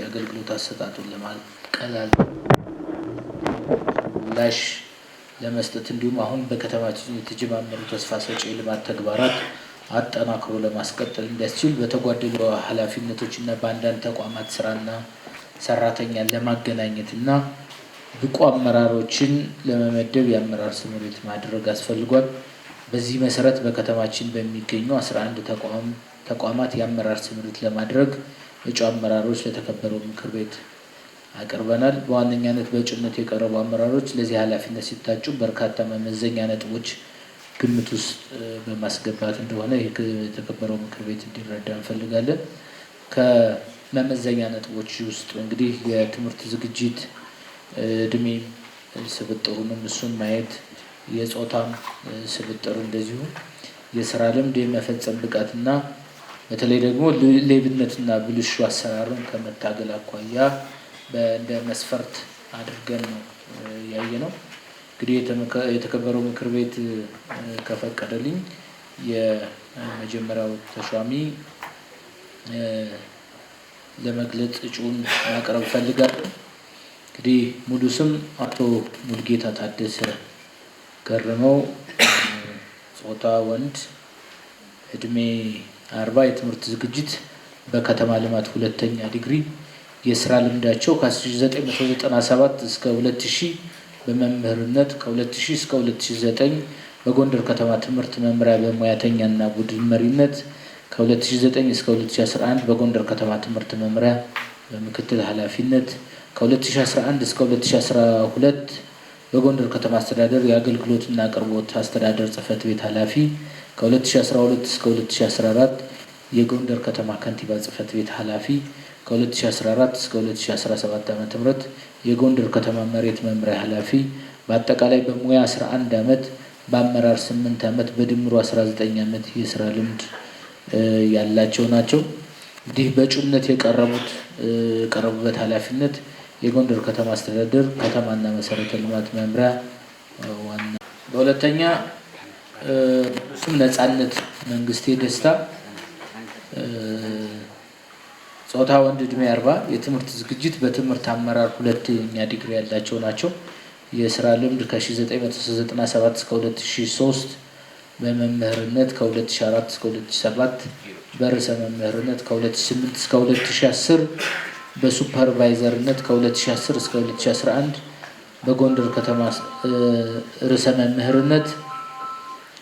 የአገልግሎት አሰጣጡን ለማቀላል ምላሽ ለመስጠት እንዲሁም አሁን በከተማችን የተጀማመሩ ተስፋ ሰጪ የልማት ተግባራት አጠናክሮ ለማስቀጠል እንዲያስችል በተጓደሉ ኃላፊነቶችና በአንዳንድ ተቋማት ስራና ለማገናኘት ለማገናኘትና ብቁ አመራሮችን ለመመደብ የአመራር ስምሪት ማድረግ አስፈልጓል። በዚህ መሰረት በከተማችን በሚገኙ አስራ አንድ ተቋማት የአመራር ስምሪት ለማድረግ እጩ አመራሮች ለተከበረው ምክር ቤት አቅርበናል። በዋነኛነት በእጩነት የቀረቡ አመራሮች ለዚህ ኃላፊነት ሲታጩ በርካታ መመዘኛ ነጥቦች ግምት ውስጥ በማስገባት እንደሆነ የተከበረው ምክር ቤት እንዲረዳ እንፈልጋለን። ከመመዘኛ ነጥቦች ውስጥ እንግዲህ የትምህርት ዝግጅት፣ እድሜ ስብጥሩንም እሱን ማየት፣ የፆታም ስብጥር እንደዚሁ፣ የስራ ልምድ፣ የመፈጸም ብቃትና በተለይ ደግሞ ሌብነትና ብልሹ አሰራርን ከመታገል አኳያ እንደ መስፈርት አድርገን ነው ያየ ነው። እንግዲህ የተከበረው ምክር ቤት ከፈቀደልኝ የመጀመሪያው ተሿሚ ለመግለጽ እጩን ማቅረብ ፈልጋል። እንግዲህ ሙሉ ስም አቶ ሙልጌታ ታደሰ ገርመው፣ ጾታ ወንድ፣ እድሜ አርባ የትምህርት ዝግጅት በከተማ ልማት ሁለተኛ ዲግሪ የስራ ልምዳቸው ከ1997 እስከ 2000 በመምህርነት ከ2000 እስከ 2009 በጎንደር ከተማ ትምህርት መምሪያ በሙያተኛና ቡድን መሪነት ከ2009 እስከ 2011 በጎንደር ከተማ ትምህርት መምሪያ በምክትል ኃላፊነት ከ2011 እስከ 2012 በጎንደር ከተማ አስተዳደር የአገልግሎትና አቅርቦት አስተዳደር ጽህፈት ቤት ኃላፊ ከ2012 እስከ 2014 የጎንደር ከተማ ከንቲባ ጽህፈት ቤት ኃላፊ ከ2014 እስከ 2017 ዓ ም የጎንደር ከተማ መሬት መምሪያ ኃላፊ በአጠቃላይ በሙያ 11 ዓመት በአመራር 8 ዓመት በድምሩ 19 ዓመት የስራ ልምድ ያላቸው ናቸው። እንዲህ በእጩነት የቀረቡት የቀረቡበት ኃላፊነት የጎንደር ከተማ አስተዳደር ከተማና መሰረተ ልማት መምሪያ ዋና። በሁለተኛ እሱም ነጻነት መንግስቴ ደስታ ጾታ ወንድ እድሜ አርባ የትምህርት ዝግጅት በትምህርት አመራር ሁለተኛ ዲግሪ ያላቸው ናቸው። የስራ ልምድ ከ1997 እስከ 2003 በመምህርነት ከ2004 እስከ 2007 በርዕሰ መምህርነት ከ2008 እስከ 2010 በሱፐርቫይዘርነት ከ2010 እስከ 2011 በጎንደር ከተማ ርዕሰ መምህርነት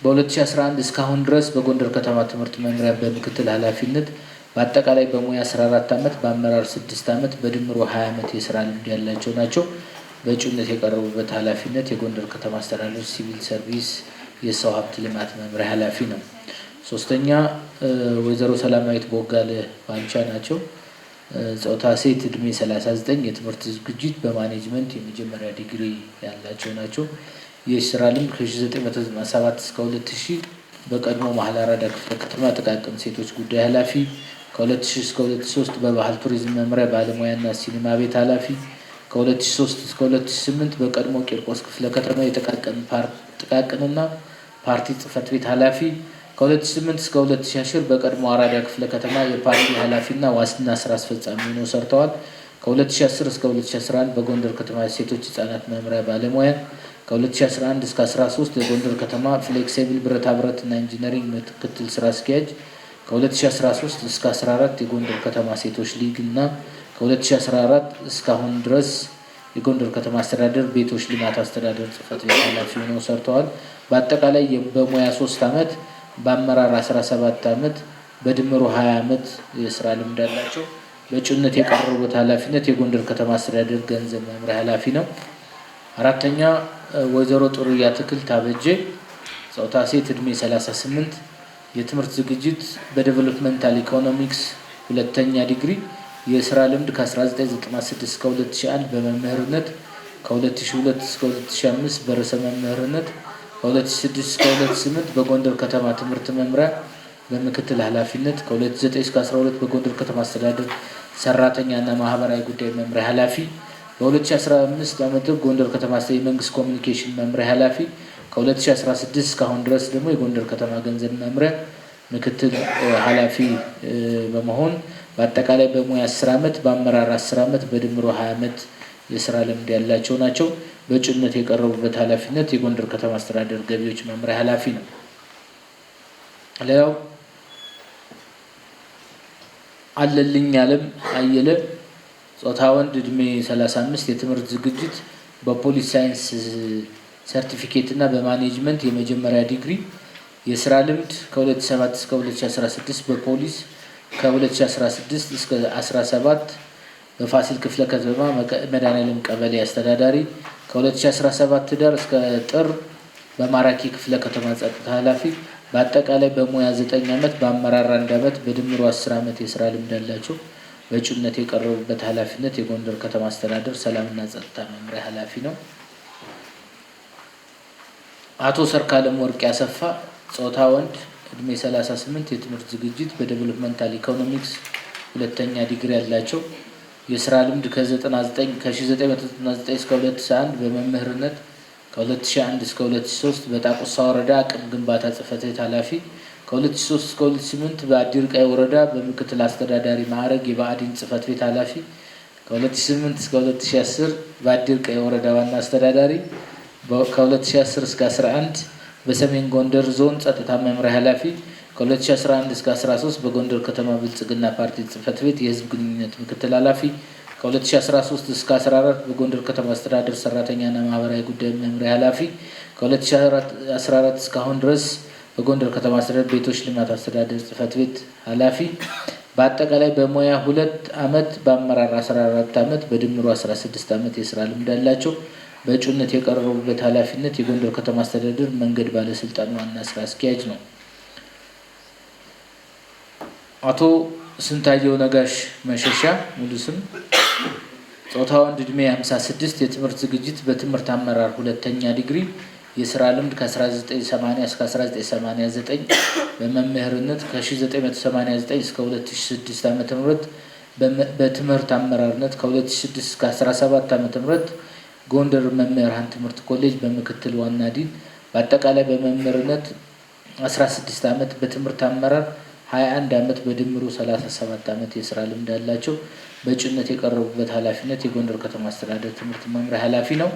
በ2011 እስካሁን ድረስ በጎንደር ከተማ ትምህርት መምሪያ በምክትል ኃላፊነት በአጠቃላይ በሙያ 14 ዓመት በአመራር 6 ዓመት በድምሮ 20 ዓመት የስራ ልምድ ያላቸው ናቸው። በእጩነት የቀረቡበት ኃላፊነት የጎንደር ከተማ አስተዳደር ሲቪል ሰርቪስ የሰው ሀብት ልማት መምሪያ ኃላፊ ነው። ሶስተኛ ወይዘሮ ሰላማዊት ቦጋለ ባንቻ ናቸው። ጾታ ሴት እድሜ 39 የትምህርት ዝግጅት በማኔጅመንት የመጀመሪያ ዲግሪ ያላቸው ናቸው። የስራ ልምድ ከ1997 እስከ 2000 በቀድሞ መሀል አራዳ ክፍለ ከተማ ጥቃቅን ሴቶች ጉዳይ ኃላፊ፣ ከ2000 እስከ 2003 በባህል ቱሪዝም መምሪያ ባለሙያና ሲኒማ ቤት ኃላፊ፣ ከ2003 እስከ 2008 በቀድሞ ቂርቆስ ክፍለ ከተማ የጥቃቅንና ፓርቲ ጽህፈት ቤት ኃላፊ ከ2008 እስከ 2010 በቀድሞ አራዳ ክፍለ ከተማ የፓርቲ ኃላፊና ዋስትና ስራ አስፈጻሚ ሆነው ሰርተዋል። ከ2010 እስከ 2011 በጎንደር ከተማ ሴቶች ህጻናት መምሪያ ባለሙያ፣ ከ2011 እስከ 13 የጎንደር ከተማ ፍሌክሲብል ብረታ ብረትና ኢንጂነሪንግ ምክትል ስራ አስኪያጅ፣ ከ2013 እስከ 14 የጎንደር ከተማ ሴቶች ሊግ እና ከ2014 እስካሁን ድረስ የጎንደር ከተማ አስተዳደር ቤቶች ልማት አስተዳደር ጽህፈት ቤት ኃላፊ ሆነው ሰርተዋል። በአጠቃላይ በሙያ ሶስት ዓመት በአመራር 17 ዓመት በድምሩ 20 ዓመት የስራ ልምድ አላቸው። በእጩነት የቀረቡት ኃላፊነት የጎንደር ከተማ አስተዳደር ገንዘብ መምሪያ ኃላፊ ነው። አራተኛ ወይዘሮ ጥሩያ አትክልት አበጀ ጾታ ሴት፣ እድሜ 38፣ የትምህርት ዝግጅት በዴቨሎፕመንታል ኢኮኖሚክስ ሁለተኛ ዲግሪ፣ የስራ ልምድ ከ1996 እስከ 2001 በመምህርነት ከ2002 እስከ 2005 በርዕሰ መምህርነት ከ2006 እስከ 2008 በጎንደር ከተማ ትምህርት መምሪያ በምክትል ኃላፊነት ከ2009 እስከ 12 በጎንደር ከተማ አስተዳደር ሰራተኛና ማህበራዊ ጉዳይ መምሪያ ኃላፊ በ2015 ዓመት ጎንደር ከተማ የመንግስት ኮሚኒኬሽን መምሪያ ኃላፊ ከ2016 እስካሁን ድረስ ደግሞ የጎንደር ከተማ ገንዘብ መምሪያ ምክትል ኃላፊ በመሆን በአጠቃላይ በሙያ 10 ዓመት በአመራር 10 ዓመት በድምሮ 20 ዓመት የስራ ልምድ ያላቸው ናቸው። በእጩነት የቀረቡበት ኃላፊነት የጎንደር ከተማ አስተዳደር ገቢዎች መምሪያ ኃላፊ ነው። ሌላው አለልኝ አለም አየለ ጾታ ወንድ፣ እድሜ 35 የትምህርት ዝግጅት በፖሊስ ሳይንስ ሰርቲፊኬት እና በማኔጅመንት የመጀመሪያ ዲግሪ የስራ ልምድ ከ2007 እስከ 2016 በፖሊስ ከ2016 እስከ 17 በፋሲል ክፍለ ከተማ መድኃኔዓለም ቀበሌ አስተዳዳሪ ከ2017 ዳር እስከ ጥር በማራኪ ክፍለ ከተማ ጸጥታ ኃላፊ በአጠቃላይ በሙያ 9 ዓመት በአመራር 1 ዓመት በድምሩ 10 ዓመት የስራ ልምድ አላቸው። በእጩነት የቀረቡበት ኃላፊነት የጎንደር ከተማ አስተዳደር ሰላምና ጸጥታ መምሪያ ኃላፊ ነው። አቶ ሰርካለም ወርቅ ያሰፋ ጾታ ወንድ፣ እድሜ 38፣ የትምህርት ዝግጅት በዴቨሎፕመንታል ኢኮኖሚክስ ሁለተኛ ዲግሪ ያላቸው የስራ ልምድ ከ99 እስከ 2001 በመምህርነት ከ2001 እስከ 2003 በጣቁሳ ወረዳ አቅም ግንባታ ጽህፈት ቤት ኃላፊ ከ2003 እስከ 2008 በአዲር ቀይ ወረዳ በምክትል አስተዳዳሪ ማዕረግ የብአዴን ጽህፈት ቤት ኃላፊ ከ2008 እስከ 2010 በአዲር ቀይ ወረዳ ዋና አስተዳዳሪ ከ2010 እስከ 11 በሰሜን ጎንደር ዞን ጸጥታ መምሪያ ኃላፊ ከ2011 እስከ 13 በጎንደር ከተማ ብልጽግና ፓርቲ ጽህፈት ቤት የህዝብ ግንኙነት ምክትል ኃላፊ ከ2013 እስከ 14 በጎንደር ከተማ አስተዳደር ሰራተኛና ማህበራዊ ጉዳይ መምሪያ ኃላፊ ከ2014 እስካሁን ድረስ በጎንደር ከተማ አስተዳደር ቤቶች ልማት አስተዳደር ጽህፈት ቤት ኃላፊ በአጠቃላይ በሙያ ሁለት አመት በአመራር 14 ዓመት በድምሩ 16 ዓመት የስራ ልምድ አላቸው። በእጩነት የቀረቡበት ኃላፊነት የጎንደር ከተማ አስተዳደር መንገድ ባለስልጣን ዋና ስራ አስኪያጅ ነው። አቶ ስንታየው ነጋሽ መሸሻ ሙሉ ስም ጾታ ወንድ፣ ዕድሜ 56፣ የትምህርት ዝግጅት በትምህርት አመራር ሁለተኛ ዲግሪ፣ የስራ ልምድ ከ1980 እስከ 1989 በመምህርነት ከ1989 እስከ 2006 ዓ ም በትምህርት አመራርነት ከ2006 እስከ 17 ዓ ም ጎንደር መምህራን ትምህርት ኮሌጅ በምክትል ዋና ዲን በአጠቃላይ በመምህርነት 16 ዓመት በትምህርት አመራር 21 ዓመት በድምሩ 37 ዓመት የስራ ልምድ አላቸው በእጩነት የቀረቡበት ኃላፊነት የጎንደር ከተማ አስተዳደር ትምህርት መምሪያ ኃላፊ ነው።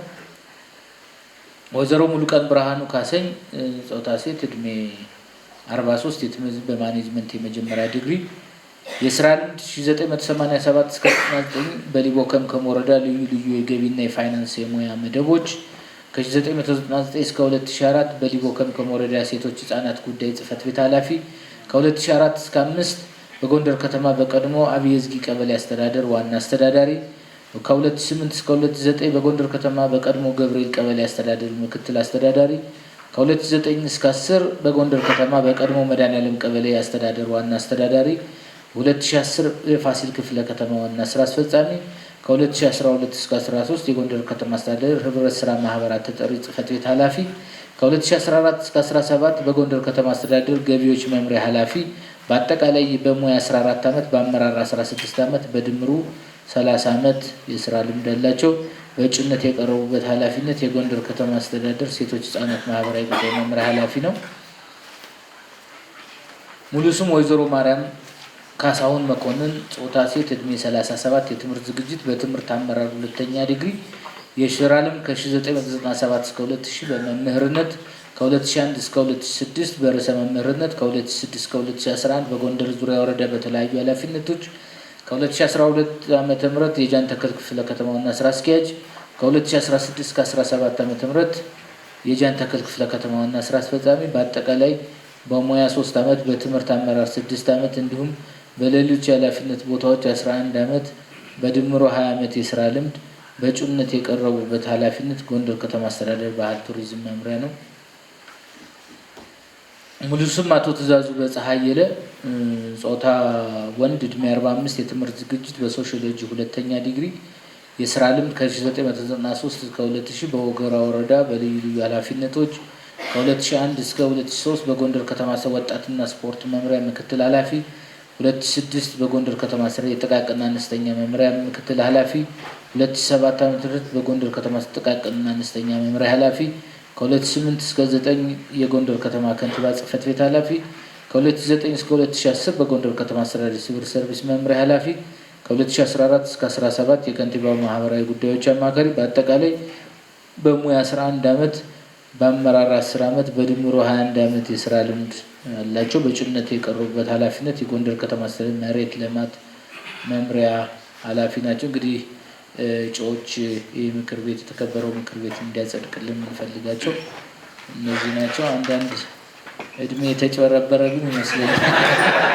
ወይዘሮ ሙሉቀን ብርሃኑ ካሰኝ ጾታ ሴት፣ እድሜ 43፣ የትምህርት በማኔጅመንት የመጀመሪያ ዲግሪ፣ የስራ ልምድ 1987 እስከ 99 በሊቦ ከምከም ወረዳ ልዩ ልዩ የገቢና የፋይናንስ የሙያ መደቦች ከ1999 እስከ 2004 በሊቦ ከምከም ወረዳ ሴቶች ህጻናት ጉዳይ ጽህፈት ቤት ኃላፊ ከ2004 እስከ 5 በጎንደር ከተማ በቀድሞ አብይ ዝጊ ቀበሌ አስተዳደር ዋና አስተዳዳሪ፣ ከ2008 እስከ 2009 በጎንደር ከተማ በቀድሞ ገብርኤል ቀበሌ አስተዳደር ምክትል አስተዳዳሪ፣ ከ2009 እስከ 10 በጎንደር ከተማ በቀድሞ መድኃኔዓለም ቀበሌ አስተዳደር ዋና አስተዳዳሪ፣ 2010 የፋሲል ክፍለ ከተማ ዋና ስራ አስፈጻሚ ከ2012 እስከ 13 የጎንደር ከተማ አስተዳደር ህብረት ስራ ማህበራት ተጠሪ ጽህፈት ቤት ኃላፊ ከ2014 እስከ 17 በጎንደር ከተማ አስተዳደር ገቢዎች መምሪያ ኃላፊ በአጠቃላይ በሙያ 14 ዓመት በአመራር 16 ዓመት በድምሩ 30 ዓመት የስራ ልምድ ያላቸው በእጩነት የቀረቡበት ኃላፊነት የጎንደር ከተማ አስተዳደር ሴቶች ህጻናት ማህበራዊ ጉዳይ መምሪያ ኃላፊ ነው። ሙሉ ስም ወይዘሮ ማርያም ካሳሁን መኮንን፣ ጾታ ሴት፣ እድሜ 37፣ የትምህርት ዝግጅት በትምህርት አመራር ሁለተኛ ዲግሪ የሽራልም ከ1997 እስከ 2000 በመምህርነት ከ2001 እስከ 2006 በርዕሰ መምህርነት ከ2006 እስከ 2011 በጎንደር ዙሪያ ወረዳ በተለያዩ ኃላፊነቶች ከ2012 ዓ ም የጃን ተከል ክፍለ ከተማ ዋና ስራ አስኪያጅ ከ2016 እስከ 17 ዓ ም የጃን ተከል ክፍለ ከተማ ዋና ስራ አስፈጻሚ በአጠቃላይ በሙያ 3 ዓመት በትምህርት አመራር 6 ዓመት እንዲሁም በሌሎች የኃላፊነት ቦታዎች 11 ዓመት በድምሮ 20 ዓመት የስራ ልምድ በእጩነት የቀረቡበት ኃላፊነት ጎንደር ከተማ አስተዳደር ባህል ቱሪዝም መምሪያ ነው። ሙሉ ስም አቶ ትእዛዙ በፀሐይ የለ፣ ጾታ ወንድ፣ እድሜ 45፣ የትምህርት ዝግጅት በሶሽሎጂ ሁለተኛ ዲግሪ፣ የስራ ልምድ ከ1993 እስከ 2000 በወገራ ወረዳ በልዩ ልዩ ኃላፊነቶች ከ2001 እስከ 2003 በጎንደር ከተማ ወጣትና ስፖርት መምሪያ ምክትል ኃላፊ ሁለት ስድስት በጎንደር ከተማ ስራ የጥቃቅንና አነስተኛ መምሪያ ምክትል ኃላፊ፣ ሁለት ሺ ሰባት ዓመተ ምህረት በጎንደር ከተማ ጥቃቅንና አነስተኛ መምሪያ ኃላፊ፣ ከሁለት ሺ ስምንት እስከ ዘጠኝ የጎንደር ከተማ ከንቲባ ጽህፈት ቤት ኃላፊ፣ ከሁለት ሺ ዘጠኝ እስከ ሁለት ሺ አስር በጎንደር ከተማ አስተዳደር ሲቪል ሰርቪስ መምሪያ ኃላፊ፣ ከሁለት ሺ አስራ አራት እስከ አስራ ሰባት የከንቲባው ማህበራዊ ጉዳዮች አማካሪ በአጠቃላይ በሙያ አስራ አንድ ዓመት በአመራር አስር ዓመት በድምሮ 21 ዓመት የስራ ልምድ አላቸው። በእጩነት የቀረቡበት ኃላፊነት የጎንደር ከተማ አስተዳደር መሬት ልማት መምሪያ ኃላፊ ናቸው። እንግዲህ እጩዎች ይህ ምክር ቤት የተከበረው ምክር ቤት እንዲያጸድቅልን የምንፈልጋቸው እነዚህ ናቸው። አንዳንድ እድሜ የተጨበረበረ ግን ይመስለኛል።